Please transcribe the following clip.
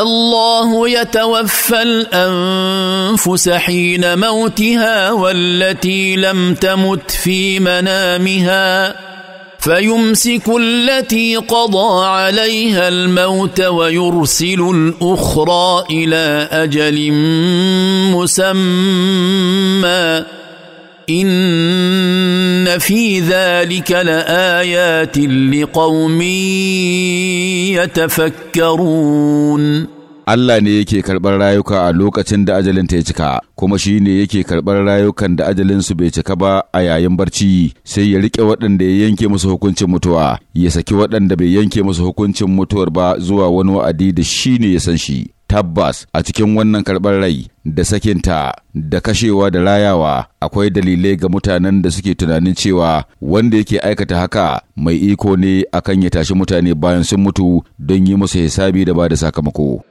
الله يتوفى الانفس حين موتها والتي لم تمت في منامها فيمسك التي قضى عليها الموت ويرسل الاخرى الى اجل مسمى إن في ذلك لآيات لقوم يتفكرون Allah ne yake karɓar rayuka a lokacin da ajalinta ya cika, kuma shi ne yake karɓar rayukan da ajalinsu bai cika ba a yayin barci, sai ya riƙe waɗanda ya yanke musu hukuncin mutuwa, ya saki waɗanda bai yanke musu hukuncin mutuwar ba zuwa wani wa'adi da shi ne ya san shi. tabbas a cikin wannan karɓar rai da sakinta da kashewa da rayawa akwai dalilai ga mutanen da suke tunanin cewa wanda yake aikata haka mai iko ne akan ya tashi mutane bayan sun mutu don yi musu hisabi da ba da sakamako.